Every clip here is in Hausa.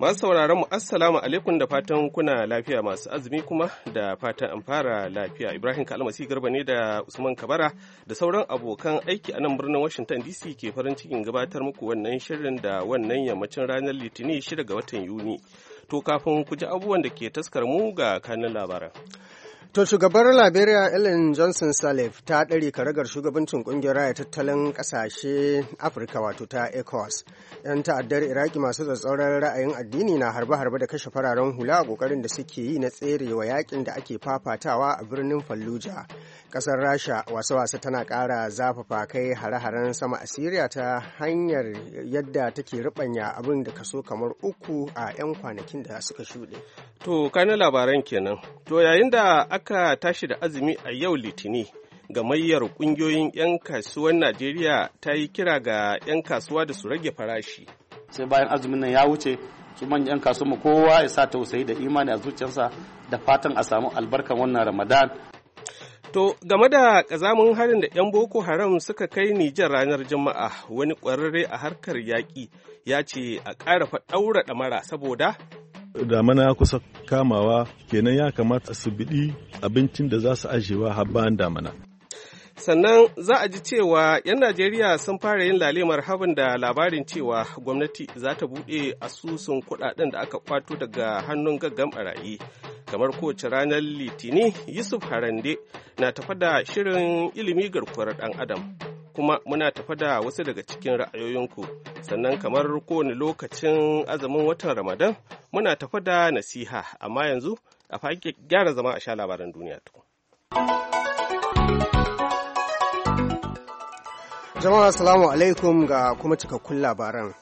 Masu sauraron mu assalamu alaikum da fatan kuna lafiya masu azumi kuma da fatan an fara lafiya. Ibrahim Kalmasi Garba ne da Usman Kabara da sauran abokan aiki a nan birnin Washington DC ke farin cikin gabatar muku wannan shirin da wannan yammacin ranar Litinin 6 ga watan Yuni. To kafin ku ji abubuwan da ke taskar mu ga kanun labaran. To shugabar Liberia Ellen Johnson Salif ta ɗari karagar shugabancin ƙungiyar raya tattalin ƙasashe Afirka wato ta ECOWAS. 'Yan ta'addar Iraki masu tsatsauran ra'ayin addini na harbe-harbe da kashe fararen hula a ƙoƙarin da suke yi na tserewa yakin da ake fafatawa a birnin Fallujah. kasar rasha wasa-wasa tana kara zafafa kai hare-haren sama a siriya ta hanyar yadda take ribanya abin da kaso kamar uku a 'yan kwanakin da suka shuɗe to kanin labaran kenan to yayin da aka tashi da azumi a yau litini gamayyar ƙungiyoyin 'yan kasuwar najeriya ta yi kira ga 'yan kasuwa da su rage farashi sai bayan azumin nan ya wuce su manyan 'yan kasuwa kowa ya sa tausayi da imani a zuciyarsa da fatan a samu albarkan wannan ramadan To game da ƙazamin harin da 'yan Boko Haram suka kai Nijar ranar Juma'a wani ƙwararre a harkar yaƙi ya ce a ƙara ɗaura mara saboda damana kusa kamawa kenan ya kamata su biɗi abincin da za su ajiyewa har bayan damana. sannan za a ji cewa 'yan najeriya sun fara yin lalemar habin da labarin cewa gwamnati za ta buɗe asusun kuɗaɗen da aka kwato daga hannun gaggan barayi kamar kowace ranar litini yusuf harande na tafa da shirin ilimi garkuwar ɗan adam kuma muna tafa da wasu daga cikin ra'ayoyinku sannan kamar kowane lokacin azumin watan ramadan muna tafa da nasiha amma yanzu a fage gyara zama a sha labaran duniya tukun. Jama'a salamu alaikum ga kuma cikakkun labaran.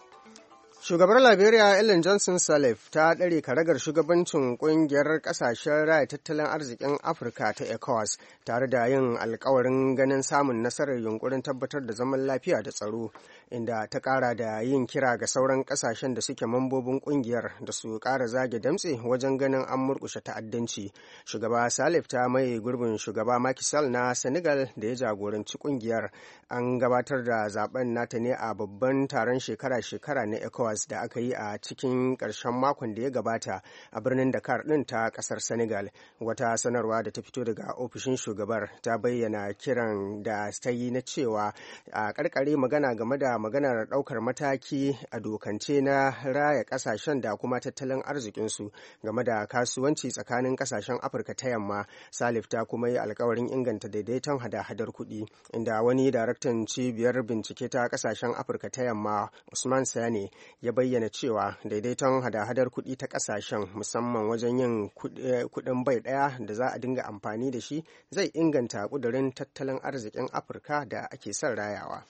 Shugabar Liberia Ellen Johnson Sirleaf ta ɗare karagar shugabancin ƙungiyar ƙasashen raya tattalin arzikin Afirka ta ECOWAS tare da yin alkawarin ganin samun nasarar yunkurin tabbatar da zaman lafiya da tsaro, inda ta ƙara da yin kira ga sauran ƙasashen da suke mambobin ƙungiyar da su ƙara zage damtse wajen ganin an murƙushe ta'addanci. Shugaba Sirleaf ta mai gurbin shugaba Macky Sall na Senegal da ya jagoranci ƙungiyar. An gabatar da zaben nata ne a babban taron shekara-shekara na ECOWAS. Hours da aka yi a cikin ƙarshen makon da ya gabata a birnin Dakar ɗin ta ƙasar Senegal. Wata sanarwa da ta fito daga ofishin shugabar ta bayyana kiran da ta yi na cewa a ƙarƙare magana game da maganar ɗaukar mataki a dokance na raya ƙasashen da kuma tattalin arzikinsu game da kasuwanci tsakanin ƙasashen Afirka ta yamma. Salif ta kuma yi alkawarin inganta daidaiton hada-hadar kuɗi inda wani daraktan cibiyar bincike ta ƙasashen Afirka ta yamma Usman Sani ya bayyana cewa daidaiton hada-hadar kuɗi ta ƙasashen musamman wajen yin eh, kuɗin bai ɗaya da za a dinga amfani da shi zai inganta ƙudurin tattalin arzikin afirka da ake son rayawa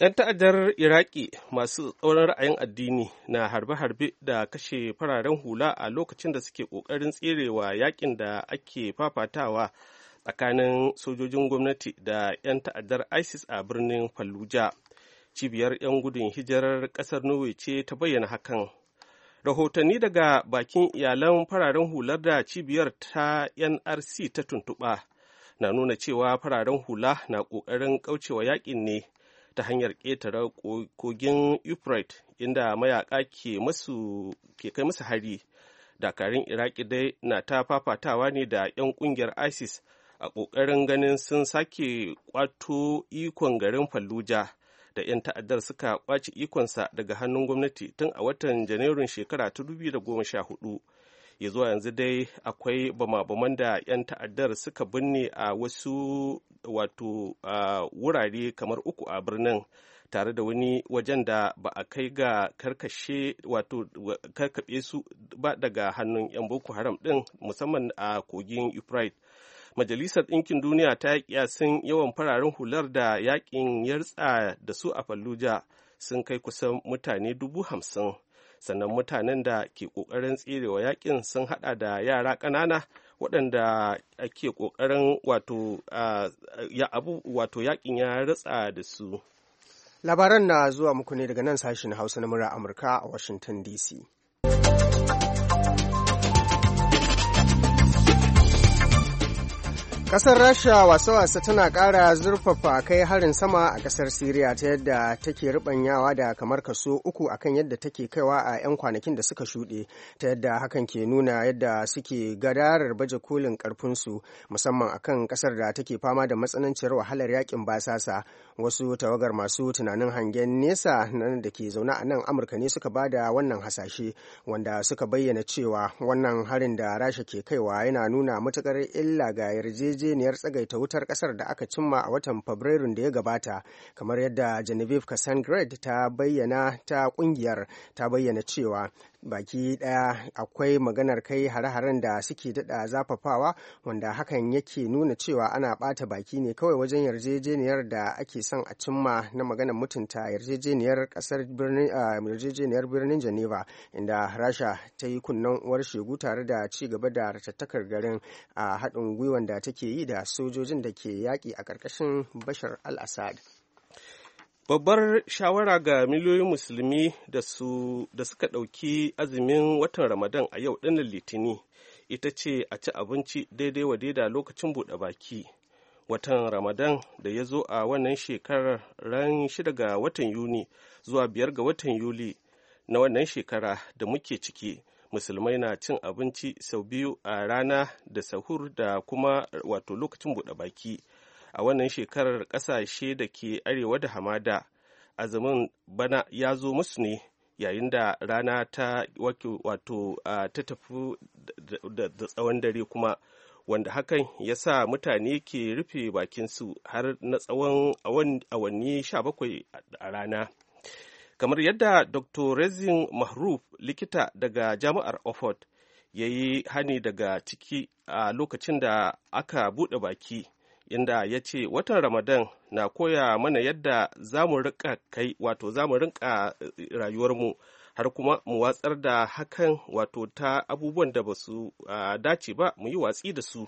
'yan ta'addar iraki masu tsoron ra'ayin addini na harbe-harbe da kashe fararen hula a lokacin da suke ƙoƙarin tserewa yakin da ake fafatawa tsakanin sojojin gwamnati da 'yan ta'addar isis a birnin fallujah cibiyar 'yan gudun hijirar ƙasar norway ce ta bayyana hakan rahotanni daga bakin iyalan fararen hular da cibiyar ta nrc ta tuntuɓa na nuna cewa fararen hula na ƙoƙarin kaucewa yakin ne ta hanyar ƙetare kogin euphrates inda mayaƙa ke kai musu hari dakarun iraki dai na ta fafatawa ne da 'yan ƙungiyar isis a ƙoƙarin ganin sun sake kwato ikon garin fallujah da 'yan ta'addar suka kwace ikonsa daga hannun gwamnati tun a watan janairun shekara ta 2014 ya zuwa yanzu dai akwai bama-baman da 'yan ta'addar suka binne a wasu wato wurare kamar uku a birnin tare da wani wajen da ba a kai ga karkashe wato karkaɓe su ba daga hannun 'yan boko haram ɗin musamman a kogin euphrates Majalisar Ɗinkin Duniya ta yi kiyasin yawan fararen hular da yakin yartsa da su a Fallujah sun kai kusan mutane dubu hamsin. Sannan mutanen da ke ƙoƙarin tserewa yakin sun haɗa da yara ƙanana waɗanda ake ƙoƙarin wato ya abu yakin ya ratsa da su. Labaran na zuwa muku ne daga nan sashen Hausa na murar Amurka a Washington DC. kasar Rasha wasa-wasa tana kara zurfafa kai harin sama a kasar Siriya ta yadda take ruɓanyawa da kamar kaso uku akan yadda take kaiwa a 'yan kwanakin da suka shuɗe ta yadda hakan ke nuna yadda suke gadarar baje kolin karfinsu musamman akan kasar da take fama da matsananciyar wahalar yakin basasa wasu tawagar masu tunanin hangen nesa nan da ke zaune a nan Amurka ne suka bada wannan hasashe wanda suka bayyana cewa wannan harin da Rasha ke kaiwa yana nuna matuƙar illa ga yarjejeniya yarjejeniyar tsagaita wutar kasar da aka cimma a watan fabrairun da ya gabata kamar yadda genevieve cassandra ta bayyana ta kungiyar ta bayyana cewa baki ɗaya akwai maganar kai hare-haren da suke daɗa zafafawa wanda hakan yake nuna cewa ana ɓata baki ne kawai wajen yarjejeniyar da ake son a cimma na maganar mutunta yarjejeniyar kasar birnin yarjejeniyar birnin geneva inda rasha ta yi kunnen uwar shegu tare da ci gaba da ratattakar garin a haɗin gwiwan da take yi da sojojin da ke yaƙi a ƙarƙashin bashar al-assad babbar shawara ga miliyoyin musulmi da suka ɗauki azumin watan ramadan a yau ɗinnan litini ita ce a ci abinci daidai wa daida lokacin buɗe baki watan ramadan da ya zo a wannan shekarar ran 6 ga watan yuni zuwa 5 ga watan yuli na wannan shekara da muke ciki musulmai na cin abinci sau biyu a rana da sahur da kuma wato lokacin buɗe baki a wannan shekarar ƙasashe da ke arewa da hamada azumin bana ya zo musu ne yayin da rana ta wato ta tafi da tsawon dare kuma wanda hakan ya sa mutane ke rufe bakinsu har na tsawon awanni 17 a rana kamar yadda dr rezin mahruf likita daga jami'ar oxford ya yi hani daga ciki a lokacin da aka buɗe baki inda ya ce watan ramadan na koya mana yadda za mu rika kai wato za mu rinka eh, rayuwarmu har kuma mu watsar da hakan wato ta abubuwan da ba su dace ba mu yi watsi da su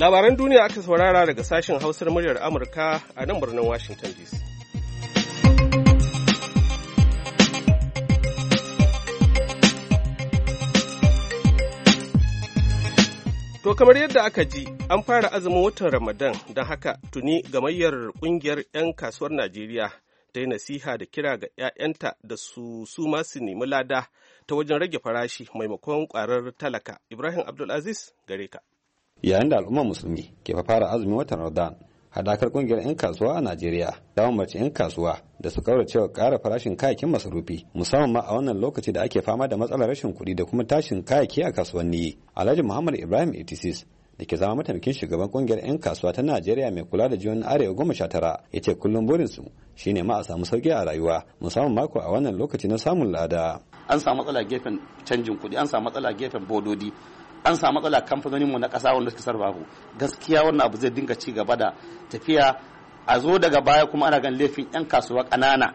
labaran duniya aka saurara daga sashen hausar muryar amurka a nan birnin washington dc To kamar yadda aka ji an fara azumin watan Ramadan don haka tuni gamayyar kungiyar 'yan kasuwar Najeriya ta yi nasiha da kira ga 'ya'yanta da su su masu nemi lada ta wajen rage farashi maimakon kwarar talaka. Ibrahim Abdulaziz gare ka. Yayin da al'ummar musulmi ke fara azumin watan Ramadan hadakar kungiyar 'yan kasuwa a Najeriya ta umarci 'yan kasuwa da su kaura cewa ƙara farashin kayakin masarufi musamman ma a wannan lokaci da ake fama da matsalar rashin kuɗi da kuma tashin kayaki a kasuwanni. Alhaji Muhammad Ibrahim etisis da ke zama mataimakin shugaban kungiyar 'yan kasuwa ta Najeriya mai kula da jihohin Arewa goma sha tara ya ce kullum burinsu shine ma a samu sauki a rayuwa musamman mako a wannan lokaci na samun lada. An samu matsala gefen canjin kuɗi, an samu matsala gefen bododi, an samu matsala kamfanonin mu na ƙasa wanda suka sarrafa ku gaskiya wannan abu zai dinga ci gaba da tafiya a zo daga baya kuma ana gan laifin yan kasuwa ƙanana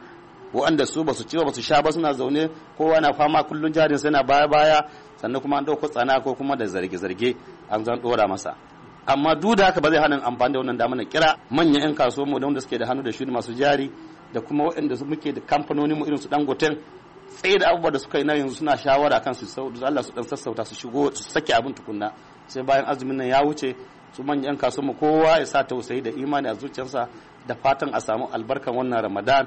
waɗanda su basu ci ba su sha ba suna zaune kowa na fama kullun jarin sai na baya baya sannan kuma an ɗauko tsana ko kuma da zarge zarge an zan ɗora masa amma duk da haka ba zai hana amfani da wannan damar kira manyan yan kasuwa mu da wanda suke da hannu da shuni masu jari da kuma waɗanda su muke da kamfanonin irin su dangoten tsaye da abubuwa da suka yi na yanzu suna shawara kan su sau Allah su dan sassauta su shigo su sake abin tukunna sai bayan azumin nan ya wuce su manyan mu kowa ya sa tausayi da imani a zuciyarsa da fatan a samu albarkan wannan Ramadan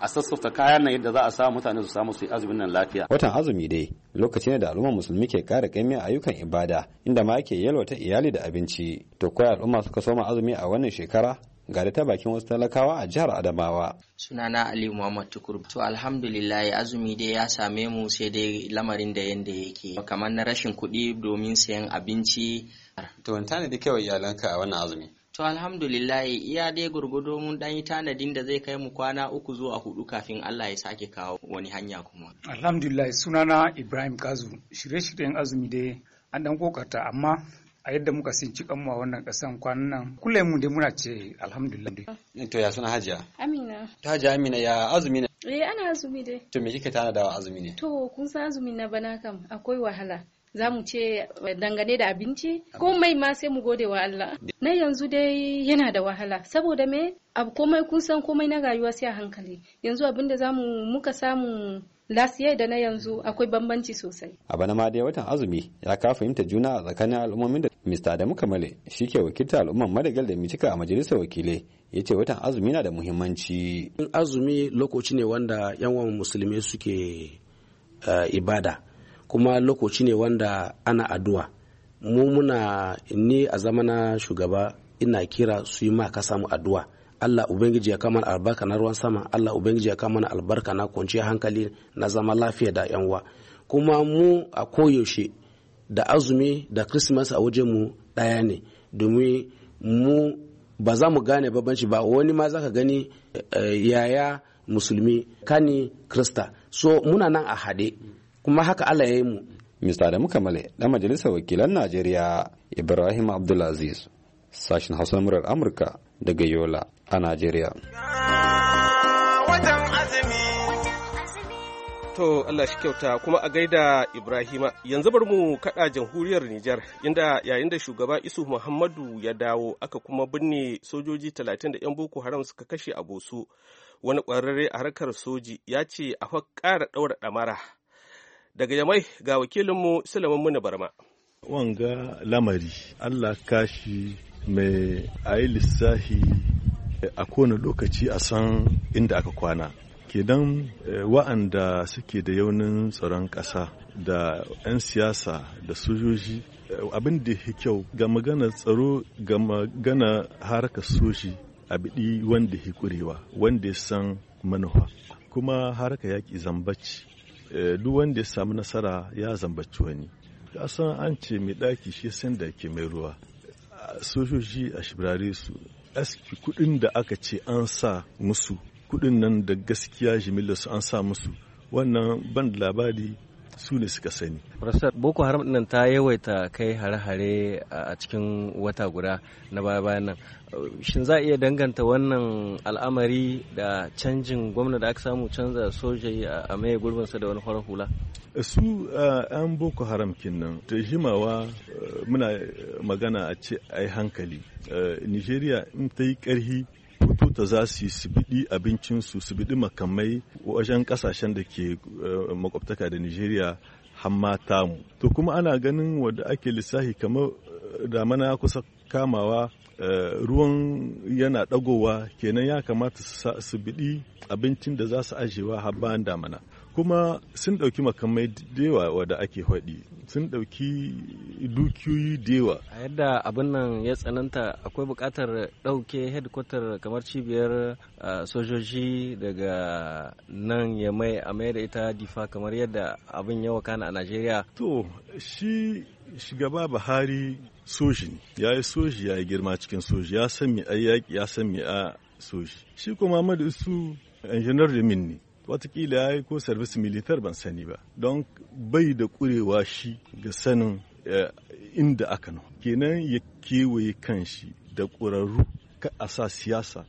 a sassauta kayan nan yadda za a samu mutane su samu su yi azumin nan lafiya. Watan azumi dai lokaci ne da al'umma musulmi ke kara kaimi ayyukan ibada inda ma ake yalwata iyali da abinci. To koyi al'umma suka soma azumi a wannan shekara da ta bakin wasu talakawa a jihar Adamawa. Sunana Ali Muhammad Tukur. To alhamdulillah azumi dai ya same mu sai dai lamarin da yanda yake. Kamar na rashin kuɗi domin sayan abinci. To da kyau kawai iyalanka a wannan azumi? To alhamdulillah iya dai gurgudo mun dan yi tanadin da zai kai mu kwana uku zuwa hudu kafin Allah ya sake kawo wani hanya kuma. Alhamdulillah sunana Ibrahim Kazu shirye-shiryen azumi dai an dan kokata amma a yadda muka ci kanmu a wannan kasan kwanan nan kullum mu dai muna ce alhamdulillah to ya suna hajiya amina ta hajiya amina ya azumi ne eh ana azumi dai to me kike tana da azumi ne to kun san azumi na bana kam akwai wahala za mu ce eh, dangane da abinci ko mai ma sai mu gode wa Allah na yanzu dai yana da wahala saboda me abu komai kun san komai na rayuwa sai a hankali yanzu abinda za mu muka samu lasiya da na yanzu akwai bambanci sosai a bana ma dai watan azumi ya ka fahimta juna a tsakanin al'ummomin da mr adamu kamale shi ke wakilta al'umman madagal da mitika a majalisar wakilai ya ce watan azumi na da muhimmanci azumi lokaci ne wanda yan musulmi suke uh, ibada kuma lokaci ne wanda ana addu'a mu muna ni a zamana shugaba ina kira su yi ma ka samu addu'a Allah Ubangiji ya kama albarka na ruwan sama Allah Ubangiji ya kama albarka na kwanciyar hankali na zama lafiya da yan yanwa kuma mu a koyaushe da azumi da Christmas a wajen mu ɗaya ne domin mu ba za mu gane babanci ba wani ma za ka gani eh, yaya musulmi kani krista so muna nan a haɗe kuma haka Allah ya yi mu Mista Adamu Kamale, ɗan Majalisar Wakilan Najeriya, Ibrahim Abdulaziz, sashen Hausa Murar Amurka, daga Yola a Najeriya. To Allah shi kyauta kuma a gaida Ibrahima yanzu bar mu kaɗa jamhuriyar Nijar inda yayin da shugaba Isu Muhammadu ya dawo aka kuma binne sojoji 30 da 'yan Boko Haram suka kashe a Boso wani ƙwararre a harkar soji ya ce a ƙara ɗaura ɗamara. Daga Yamai ga wakilinmu Sulaiman Muna Barma. Wanga lamari Allah kashi mai a yi lissahi eh, a kowane lokaci a san inda aka kwana kenan eh, wa'anda suke da yaunin tsaron ƙasa da 'yan siyasa da sojoji eh, abin da ya kyau ga magana tsaro ga magana harkar soji a biɗi wanda ya kurewa wanda ya san manufa kuma harka yaƙi zambaci duk wanda ya samu nasara ya zambaci wani ka san an ce mai ɗaki shi san da ke mai ruwa sojoji a shibirare su aski kudin da aka ce an sa musu kudin nan da gaskiya jimillarsu an sa musu wannan ban labari su ne suka sani. Professor Boko Haram nan ta yawaita kai hare-hare a cikin wata guda na baya-bayan nan. Uh, shin za a iya danganta wannan al'amari da canjin gwamna da aka samu canza sojayi a maye gurbinsa da wani farar hula? Uh, su uh, an Boko Haram nan ta himawa muna magana a ce a hankali. Nigeria in ta yi ƙarhi futa za su yi su biɗi abincinsu su biɗi makamai wajen kasashen da ke eh, makwabtaka da nigeria hamma tamu to kuma ana ganin wadda ake lissahi kamar eh, damana kusa kamawa eh, ruwan yana dagowa kenan ya kamata su biɗi abincin da za su ajewa har bayan damana kuma sun ɗauki makamai da yawa wadda ake haɗi sun ɗauki dukiyoyi da a yadda abin nan ya tsananta akwai buƙatar ɗauke headquarter kamar cibiyar eh, sojoji daga nan ya mai a mai da ita difa kamar yadda abin ya kana a najeriya to shi shugaba buhari soji ne ya yi soji ya yi girma cikin soji ya san mi yaƙi ya san mi a soji shi ko muhammadu isu injinar da min ne watakila ya yi ko sarvis militar ban sani ba don bai da ƙurewa shi ga sanin eh, inda aka nan kenan ya kewaye kan shi da ƙurarru ka a sa siyasa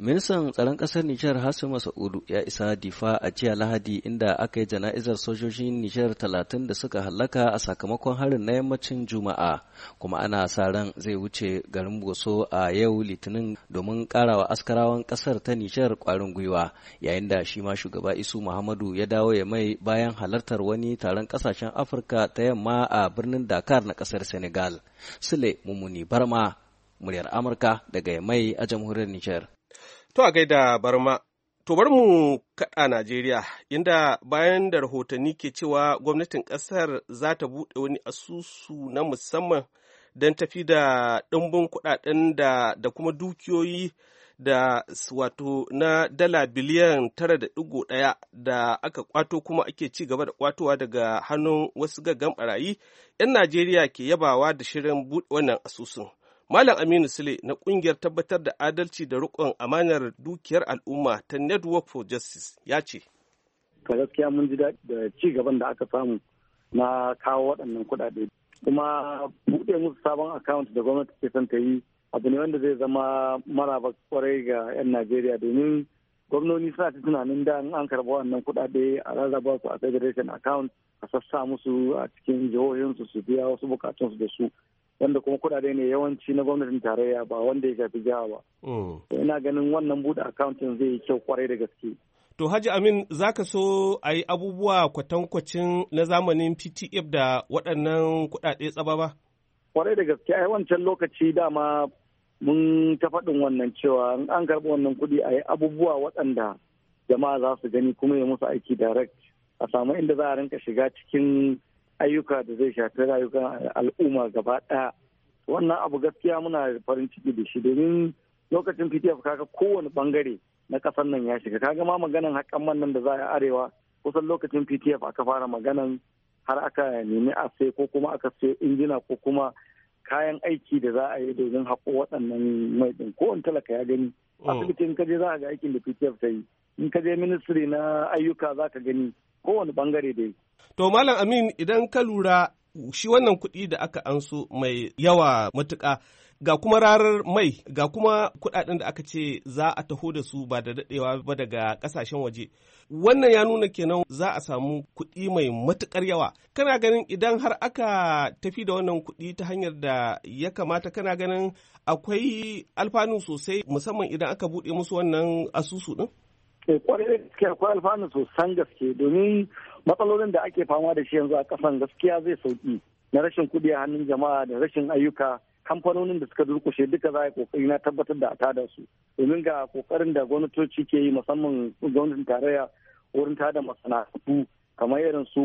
Ministan tsaron ƙasar Nijar Hassan Masaudu ya isa Difa a jiya Lahadi inda aka yi jana'izar sojojin Nijar talatin da suka hallaka a sakamakon harin na yammacin Juma'a, kuma ana sa ran zai wuce garin Boso a yau Litinin domin ƙarawa askarawan ƙasar ta Nijar ƙwarin gwiwa, yayin da shi ma shugaba Isu Muhammadu ya dawo ya mai bayan halartar wani taron ƙasashen Afirka ta yamma a birnin Dakar na ƙasar Senegal. Sule Mumuni Barma, muryar Amurka daga mai a jamhuriyar Nijar. To a gaida barma, to bar mu kaɗa Najeriya, inda bayan da rahotanni ke cewa gwamnatin ƙasar za ta buɗe wani asusu na musamman don tafi da ɗumbin kuɗaɗen da, kuma dukiyoyi da wato na dala biliyan tara da ɗigo ɗaya da aka kwato kuma ake ci gaba da kwatowa daga hannun wasu gaggan barayi 'yan najeriya ke yabawa da shirin buɗe wannan asusun Malam Aminu Sule na kungiyar tabbatar da adalci da rikon amanar dukiyar al'umma ta Network for Justice ya ce. Ka gaskiya mun ji da ci gaban da aka samu na kawo waɗannan kuɗaɗe. Kuma buɗe musu sabon account da gwamnati ke son ta yi abu ne wanda zai zama maraba kwarai ga 'yan Najeriya domin gwamnoni suna ta tunanin da an karɓa waɗannan kuɗaɗe a rarraba su a federation account a sassa musu a cikin jihohinsu su biya wasu bukatunsu da su wanda kuma kuɗaɗe ne yawanci na gwamnatin tarayya ba wanda ya shafi jiha ba. Mm. Ina ganin wannan buɗe akauntin zai yi kyau kwarai da gaske. To Haji Amin za ka so a yi abubuwa kwatankwacin na zamanin PTF da waɗannan kuɗaɗe tsaba ba? Kwarai da gaske a wancan lokaci dama mun ta faɗin wannan cewa an karɓi wannan kuɗi a yi abubuwa waɗanda jama'a za su gani kuma ya musu aiki direct a samu inda za a rinka shiga cikin ayyuka da zai shafi rayukan al'umma gaba ɗaya wannan abu gaskiya muna farin ciki da shi domin lokacin ptf kaga kowane bangare na ƙasar nan ya shiga kaga ma maganan haƙƙan man nan da za a arewa kusan lokacin ptf aka fara maganan har aka nemi a sai ko kuma aka sai injina ko kuma kayan aiki da za a yi domin haƙo waɗannan mai ɗin kowane talaka ya gani oh. asibitin je za a ga aikin da ptf ta yi in ka je ministry na ayyuka za ka gani kowane bangare dai To Malam Amin idan ka lura shi wannan kuɗi da aka anso mai yawa matuƙa ga kuma rarar mai ga kuma kuɗaɗen da aka ce za a taho da su ba da daɗewa ba daga ƙasashen waje. Wannan ya nuna kenan za a samu kuɗi mai matuƙar yawa. Kana ganin idan har aka tafi da wannan kuɗi ta hanyar da ya kamata kana ganin akwai alfanu sosai musamman idan aka buɗe musu wannan asusu ɗin? Kwarai eh, da gaske akwai alfanu sosan gaske domin matsalolin da ake fama da shi yanzu a kasan gaskiya zai sauki na rashin kuɗi a hannun jama'a da rashin ayyuka kamfanonin da suka durkushe duka za a kokari na tabbatar da a tada su domin ga kokarin da gwamnatoci ke yi musamman gwamnatin tarayya wurin tada masana'antu kamar irin su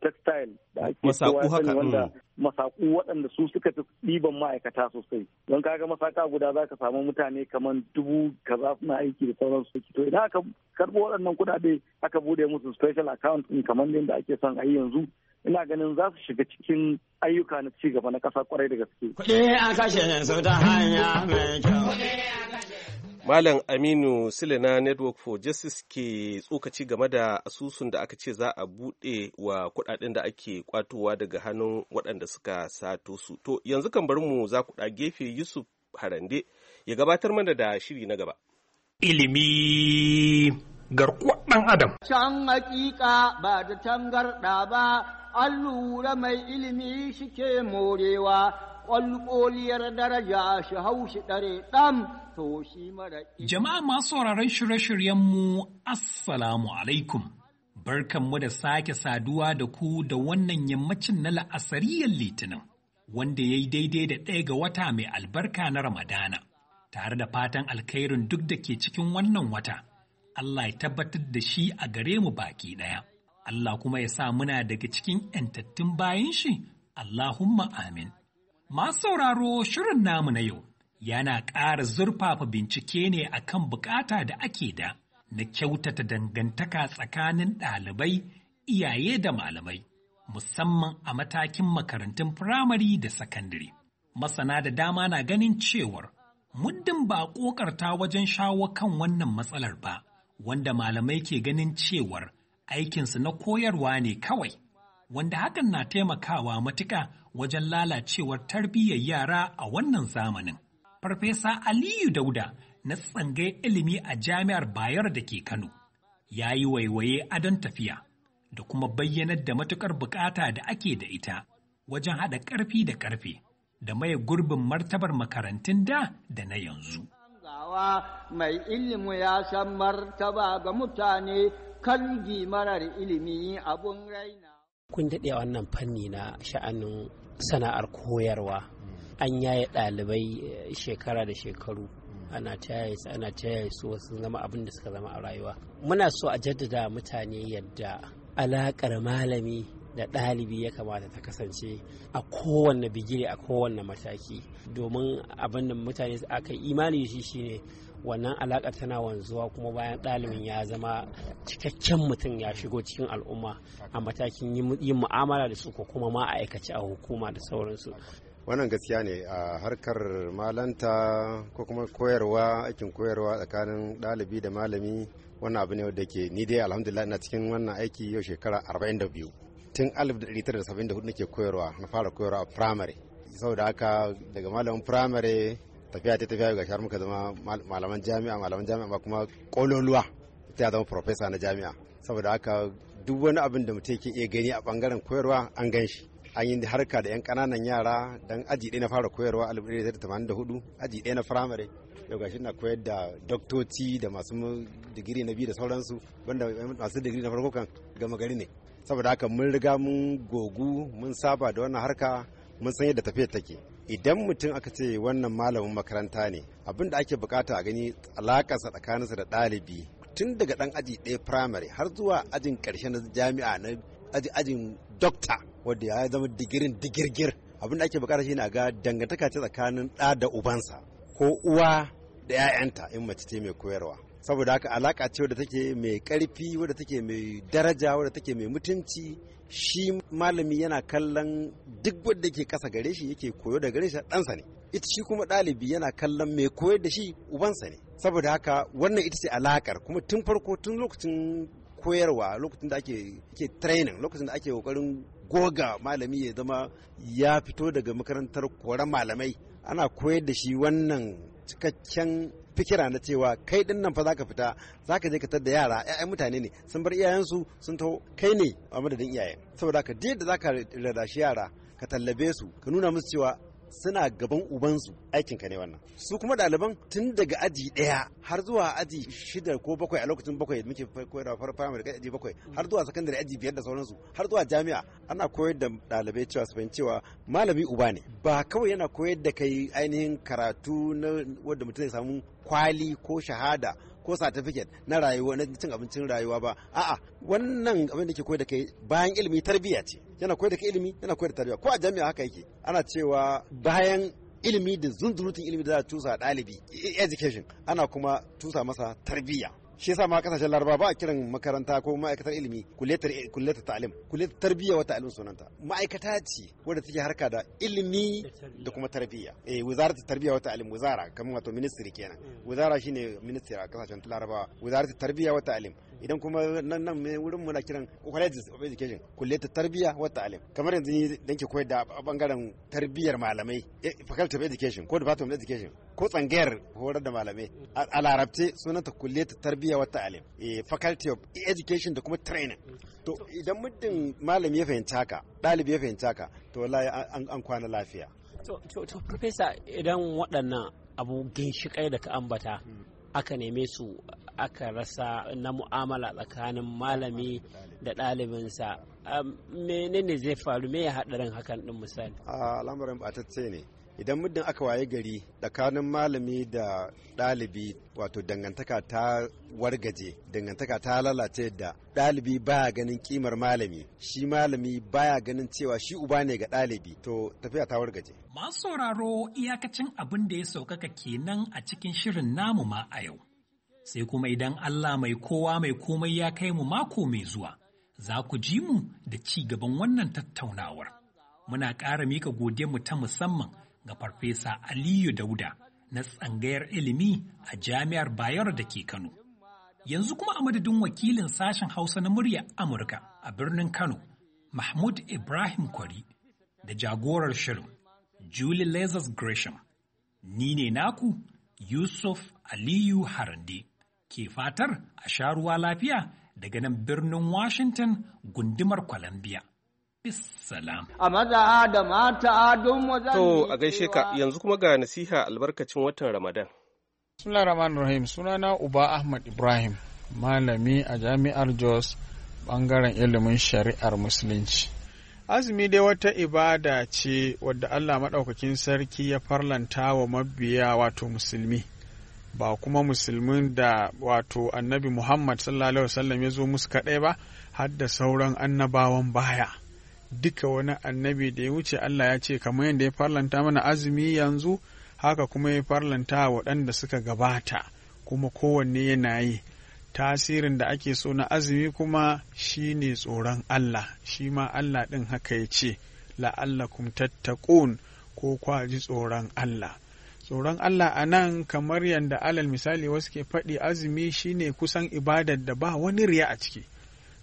textile da ake kowa sani wanda mm. masaku waɗanda su suka fi ɗiban ma'aikata sosai don kaga masaka guda za ka samu mutane kamar dubu ka suna aiki da sauran su to idan aka karɓo waɗannan kuɗaɗe aka bude musu special account kamar yadda ake son a yi yanzu ina ganin za su shiga cikin ayyuka na ci gaba na ƙasa kwarai da gaske. Kuɗi a kashe su ta hanya mai kyau. Malam Aminu Sule na Network for Justice ke tsokaci game da asusun da aka ce za a buɗe wa kuɗaɗen da ake kwatowa daga hannun waɗanda suka sato su. To yanzu kan bar mu za ku gefe Yusuf Harande ya gabatar mana da shiri na gaba. Ilimi garkuwar ɗan Adam. Can hakika ba da tangarɗa ba, an lura mai ilimi shi ke morewa, ƙwalƙoliyar daraja shi haushi ɗare ɗan. Jama'a masu sauraron shirye-shiryenmu, Assalamu alaikum. Barkanmu da sake saduwa da ku da wannan yammacin na la'asariyar Litinin, wanda ya yi daidai da ɗaya ga wata mai albarka na Ramadana, tare da fatan alkhairin duk da ke cikin wannan wata. Allah ya tabbatar da shi a gare mu baki ɗaya. Allah kuma ya sa muna daga cikin ‘yantattun bayan shi, Allahumma amin. Masu sauraro shirin namu na yau. yana ƙara zurfafa bincike ne akan bukata da ake da na kyautata dangantaka tsakanin ɗalibai iyaye da malamai musamman a matakin makarantun firamare da sakandare. Masana da dama na ganin cewar muddin ba ƙoƙarta wajen shawo kan wannan matsalar ba, wanda malamai ke ganin cewar aikinsu na koyarwa ne kawai, wanda hakan na taimakawa matuƙa wajen lalacewar tarbiyyar yara a wannan zamanin. Farfesa Aliyu Dauda na tsangai ilimi a Jami'ar Bayero da ke Kano ya yi waiwaye adon tafiya da kuma bayyanar da matukar bukata da ake da ita wajen haɗa ƙarfi da ƙarfe da maye gurbin martabar makarantun da da na yanzu. mai ilimi ya san martaba ga mutane kalgi marar ilimi abun raina. Kun daɗe wannan fanni na sha'anin sana'ar koyarwa an yaye ɗalibai eh, shekara da shekaru ana tayaye su ana tayaye su wasu zama abin da suka zama a rayuwa muna so a jaddada mutane yadda alaƙar malami da ɗalibi ya kamata ta kasance a kowanne bigire a kowanne mataki domin abin da mutane aka imani shi shine wannan alaƙa tana wanzuwa kuma bayan ɗalibin ya zama cikakken mutum ya shigo cikin al'umma a matakin yin mu'amala da su ko kuma ma'aikaci a hukuma da sauransu wannan gaskiya ne a harkar malanta ko kuma koyarwa aikin koyarwa tsakanin ɗalibi da malami wannan abu ne wadda ke ni dai alhamdulillah ina cikin wannan aiki yau shekara 42 tun 1974 nake koyarwa na fara koyarwa a primary saboda haka daga malamin primary tafiya ta tafiya ga shahar muka zama malaman jami'a malaman jami'a ma kuma kololuwa ta zama profesa na jami'a saboda haka duk wani abin da mutum ke iya gani a bangaren koyarwa an gan shi an yi harka da 'yan kananan yara dan aji ɗaya na fara koyarwa a 1984 aji ɗaya na firamare yau gashi na koyar da doktoci da masu digiri na biyu da sauransu wanda masu digiri na farko kan gama gari ne saboda haka mun riga mun gogu mun saba da wannan harka mun san yadda tafiyar take idan mutum aka ce wannan malamin makaranta ne abin da ake bukata a gani alakarsa tsakaninsa da ɗalibi tun daga ɗan aji ɗaya firamare har zuwa ajin ƙarshe na jami'a na ajin dokta wadda ya zama digirin digirgir abin da ake bukata shine a ga dangantaka ce tsakanin ɗa da ubansa ko uwa da 'ya'yanta in mace ce mai koyarwa saboda haka alaka ce wadda take mai karfi wadda take mai daraja wadda take mai mutunci shi malami yana kallon duk wadda ke kasa gare shi yake koyo da gare shi ɗansa ne ita shi kuma ɗalibi yana kallon mai koyar da shi ubansa ne saboda haka wannan ita ce alakar kuma tun farko tun lokacin koyarwa lokacin da ake training lokacin da ake kokarin goga malami ya zama ya fito daga makarantar koren malamai ana koyar da shi wannan cikakken fikira na cewa kai din nan fa zaka fita zaka je ka tar da yara ƴaƴan mutane ne sun bar iyayensu sun taho kai ne a madadin iyayen saboda ka da zaka rada shi yara ka tallabe su ka nuna musu cewa suna gaban ubansu aikin ka ne wannan su kuma ɗaliban tun daga aji ɗaya har zuwa aji shida ko bakwai a lokacin bakwai da muke koyarwa fara primary aji bakwai har zuwa sakandare aji biyar da sauransu har zuwa jami'a ana koyar da ɗalibai cewa su fahimci cewa malami uba ne ba kawai yana koyar da kai ainihin karatu na wanda mutum zai samu kwali ko shahada ko satifiket na rayuwa na cin abincin rayuwa ba a'a wannan abin da ke koyar da kai bayan ilimi tarbiyya ce yana koyar da kai ilimi yana koyar da tarbiyya ko a jami'a haka yake ana cewa bayan ilimi da zunzurutun ilimi da za a tusa ɗalibi education ana kuma tusa masa tarbiyya shi yasa ma kasashen laraba ba a kiran makaranta ko ma'aikatar ilimi kulletar kulletar ta'lim kulletar tarbiyya wa ta'lim sunanta ma'aikata ce wadda take harka da ilimi da kuma tarbiyya eh wizarar tarbiyya wa ta'lim wizara kamar wato ministry kenan mm. wizara shine ministry a kasashen laraba wizarar tarbiyya wa ta'lim idan kuma nan nan me wurin muna kiran colleges of education kulliyar tarbiya wa ta'alim kamar yanzu ni dan ke koyar da bangaren tarbiyar malamai e, faculty of education ko department of education ko tsangayar horar da malamai a larabce sunanta kulliyar tarbiya wa ta'alim e, faculty of education da kuma training to idan muddin malami ya fahimci haka ɗalibi ya fahimci haka to wallahi an kwana lafiya to to to professor idan waɗannan abu ginshiƙai da ka ambata hmm. aka neme su aka rasa na mu'amala tsakanin malami da ɗalibinsa menene zai faru me ya haɗarin hakan ɗin misali lamarin batacce ne idan muddin aka waye gari tsakanin malami da ɗalibi wato dangantaka ta wargaje dangantaka ta lalace da ɗalibi baya ganin kimar malami shi malami baya ganin cewa shi uba ne ga ɗalibi to tafiya ta wargaje masu sauraro iyakacin abin da ya saukaka kenan a cikin shirin namu ma a yau sai kuma idan Allah mai kowa mai komai ya kai mu mako mai zuwa, za ku ji mu da ci gaban wannan tattaunawar. Muna ƙara mika mu ta musamman ga Farfesa Aliyu Dauda na tsangayar ilimi a Jami'ar Bayero da ke Kano. Yanzu kuma a madadin wakilin sashen Hausa na murya Amurka a birnin Kano, Mahmud Ibrahim Kwari da jagorar shirin Julie Lazarus Gresham. Ni ne naku Yusuf Aliyu Harande. ke fatar a sha ruwa lafiya daga nan birnin Washington gundumar Columbia. A maza da mata don To a gaishe ka yanzu kuma ga nasiha albarkacin watan Ramadan. Bismillah Rahman Rahim sunana Uba Ahmad Ibrahim malami a jami'ar Jos bangaren ilimin shari'ar musulunci. Azumi dai wata ibada ce wadda Allah maɗaukakin sarki ya farlanta wa mabiya wato musulmi. ba kuma musulmin da wato annabi muhammad sallallahu wasallam ya zo musu kaɗai ba har da sauran annabawan baya duka wani annabi da ya wuce allah ya ce kamar yadda ya farlanta mana azumi yanzu haka kuma ya farlanta waɗanda suka gabata kuma kowanne yana yi tasirin da ake so na azumi kuma shine tsoron allah shi ma allah ɗin haka ya ce la'allakum tattaqun ko kwaji tsoron allah tsoron Allah a nan kamar yadda alal misali wasu ke faɗi azumi shine kusan ibadar da ba wani riya a ciki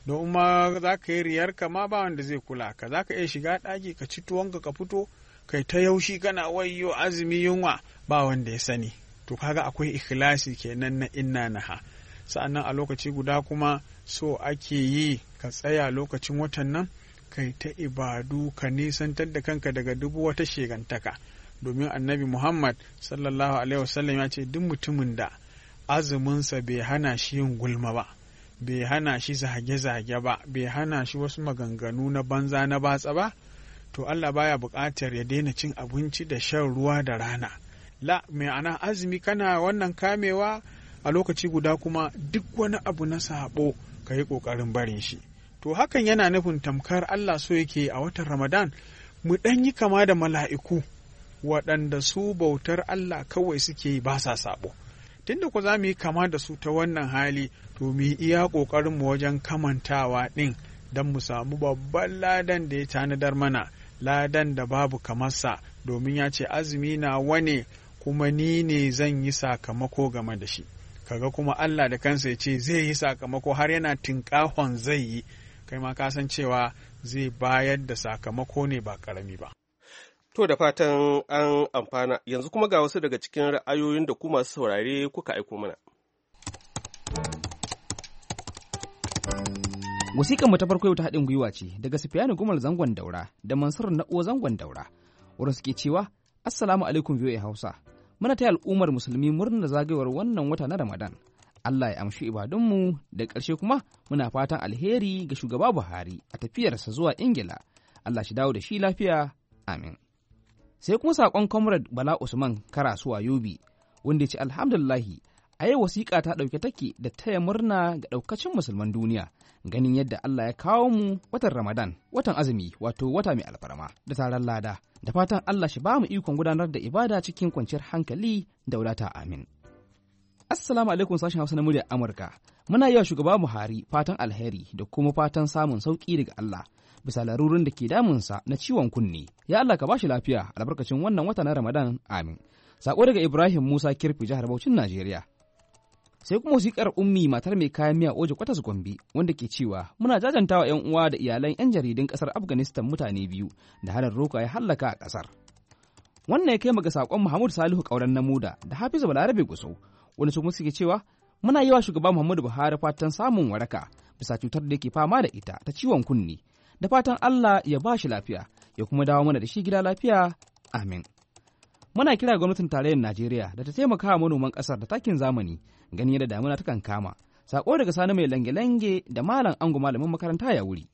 don ma za ka yi riyar ka ma ba wanda zai kula ka za ka iya shiga ɗaki ka ci tuwonka ka fito kai ta yaushi kana wayo azumi yunwa ba wanda ya sani to kaga akwai ikhlasi kenan na inna naha sa'annan a lokaci guda kuma so ake yi ka tsaya lokacin watan nan kai ta ibadu ka nisantar da kanka daga dubu wata shegantaka domin annabi muhammad sallallahu alaihi wasallam ya ce duk mutumin da azuminsa bai hana shi yin gulma ba bai hana shi zage-zage ba bai hana shi wasu maganganu na banza na batsa ba to allah baya buƙatar ya daina cin abinci da shan ruwa da rana la mai ana azumi kana wannan kamewa a lokaci guda kuma duk wani abu na sabo ka yi ƙoƙarin barin shi to hakan yana nufin tamkar allah so yake a watan ramadan mu ɗan yi kama da mala'iku waɗanda su bautar Allah kawai suke yi ba sa sabo. Tunda ku za mu yi kama da su ta wannan hali, to mu yi iya ƙoƙarinmu wajen kamantawa ɗin don mu samu babban ladan da ya tanadar mana, ladan da babu kamarsa, domin ya ce azumi na wane kuma ni ne zan yi sakamako game da shi. Kaga kuma Allah da kansa ya ce zai yi sakamako har yana tinƙahon zai yi, kai ma ka san cewa zai bayar da sakamako ne ba ƙarami ba. To da fatan an amfana yanzu kuma ga wasu daga cikin ra'ayoyin da ku masu saurare kuka aiko mana. Wasiƙan mu ta farko yau ta haɗin gwiwa ce daga sifiyani Gumal zangon daura da Mansur Na'uwa zangon daura wurin suke cewa Assalamu alaikum biyu Hausa. Muna ta al'ummar musulmi murna zagayowar wannan wata na Ramadan. Allah ya amshi ibadunmu da ƙarshe kuma muna fatan alheri ga shugaba Buhari a tafiyarsa zuwa Ingila. Allah shi dawo da shi lafiya. Amin. sai kuma saƙon comrade bala usman karasuwa yobi wanda ya ce alhamdulillahi a yau wasiƙa ta ɗauke take da taya murna ga ɗaukacin musulman duniya ganin yadda Allah ya kawo mu watan Ramadan watan azumi wato wata mai alfarma da taron lada da fatan Allah shi ba mu ikon gudanar da ibada cikin kwanciyar hankali da wadata amin Assalamu alaikum sashen Hausa na muryar Amurka muna yi wa shugaba Buhari fatan alheri da kuma fatan samun sauki daga Allah bisa larurin da ke damunsa na ciwon kunne ya Allah ka bashi lafiya albarkacin wannan wata na Ramadan amin sako daga Ibrahim Musa Kirfi jihar Bauchin Najeriya sai kuma wasikar ummi matar mai kayan miya oje kwatas gombe wanda ke cewa muna jajantawa yan uwa da iyalan yan jaridun kasar afghanistan mutane biyu da halar roka ya hallaka a kasar wannan ya kai mu ga sakon muhammadu salihu kauran namuda da hafizu balarabe gusau wani su suke cewa muna yi wa shugaba muhammadu buhari fatan samun waraka bisa cutar da yake fama da ita ta ciwon kunne. da fatan Allah ya ba shi lafiya ya kuma dawo mana da shi gida lafiya amin muna kira gwamnatin tarayyar Najeriya da ta taimaka manoman ƙasar da takin zamani gani yadda damuna ta kan kama sako daga sani mai lange-lange da malam ango malamin makaranta ya wuri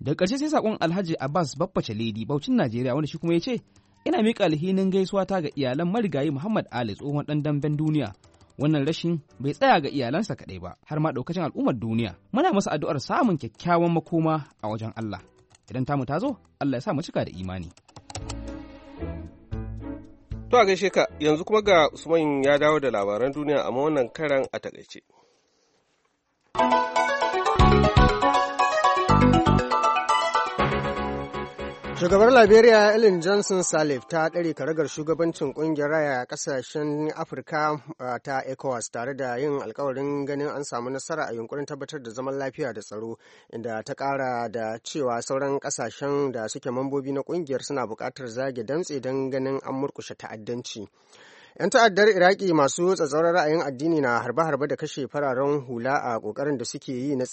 da ƙarshe sai sakon Alhaji Abbas Bafface Ledi Baucin Najeriya wanda shi kuma ya ce ina miƙa alhinin gaisuwa ta ga iyalan marigayi Muhammad Ali tsohon ɗan damben duniya wannan rashin bai tsaya ga iyalansa kaɗai ba har ma ɗaukacin al'ummar duniya muna masa addu'ar samun kyakkyawan makoma a wajen Allah idan tamu ta zo Allah ya sa mu cika da imani to a gaishe ka yanzu kuma ga Usman ya dawo da labaran duniya amma wannan karan a takaice Shugabar Liberia Ellen Johnson Salif ta ɗare karagar shugabancin ƙungiyar raya a ƙasashen Afirka ta ECOWAS tare da yin alkawarin ganin an samu nasara a yunkurin tabbatar da zaman lafiya da tsaro inda ta ƙara da cewa sauran ƙasashen da suke mambobi na ƙungiyar suna buƙatar zage dantse don ganin an murkushe ta'addanci. 'Yan ta'addar Iraki masu tsatsauran ra'ayin addini na harbe-harbe da kashe fararen hula a kokarin da suke yi na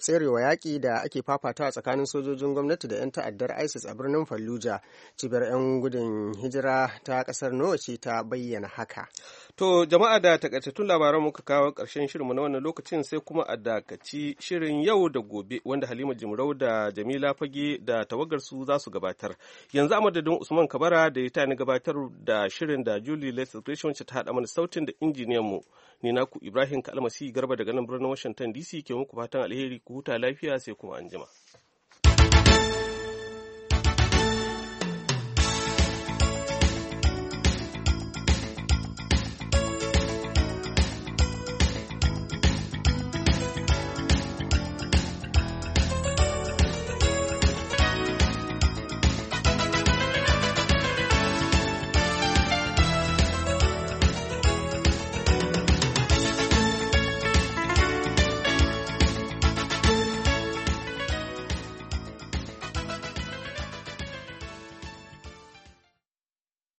tserewa yaƙi da ake fafata a tsakanin sojojin gwamnati da 'yan ta'addar ISIS a birnin Fallujah. Cibiyar 'yan gudun hijira ta ƙasar ce ta bayyana haka. To jama'a da takaitattun labaran muka kawo ƙarshen shirinmu na wannan lokacin sai kuma a dakaci shirin yau da gobe wanda Halima Jimrau da Jamila Fage da tawagarsu za su gabatar. Yanzu a madadin Usman Kabara da ya tani gabatar da shirin da Julie Lester Gresham ta haɗa mana sautin da injiniyanmu. Ni naku Ibrahim Kalmasi Garba daga nan birnin Washington DC ke muku fatan alheri ku huta lafiya sai kuma anjima.